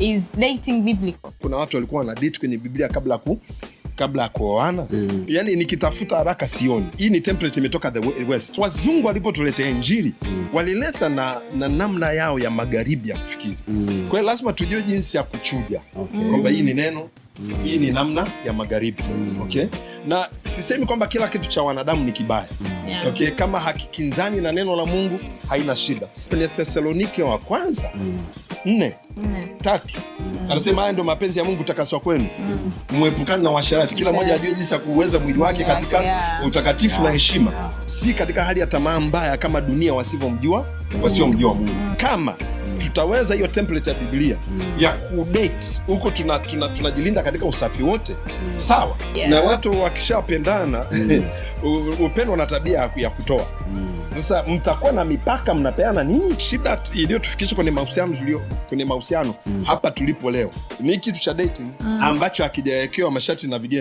is dating biblical. Kuna watu walikuwa wana date kwenye Biblia kabla ku kabla ya kuoana mm. Yani, nikitafuta haraka sioni. Hii ni template imetoka the West. Wazungu walipotuletea Injili mm. walileta na, na namna yao ya magharibi ya kufikiri mm. Kwa hiyo lazima tujue jinsi ya kuchuja okay. kwamba hii ni neno mm. hii ni namna ya magharibi mm. okay? na sisemi kwamba kila kitu cha wanadamu ni kibaya mm. yeah. okay? kama hakikinzani na neno la Mungu haina shida. Kwenye Thesalonike wa kwanza mm nne tatu anasema haya ndio mapenzi ya Mungu, utakaswa kwenu, mm. mwepukane na washarati kila mmoja ajue jinsi ya kuweza mwili wake katika utakatifu na heshima, si katika hali ya tamaa mbaya kama dunia wasivyomjua mm. wasiomjua Mungu mm. kama tutaweza hiyo template ya Biblia mm. ya kudate huko, tunajilinda tuna, tuna katika usafi wote mm. sawa yeah. na watu wakishapendana mm. upendo na tabia ya kutoa mm. sasa mm. mtakuwa na mipaka, mnapeana nini? Shida iliyotufikisha kwenye mahusiano tulio kwenye mahusiano mm. hapa tulipo leo ni kitu cha dating mm. ambacho hakijawekewa masharti na vigezo.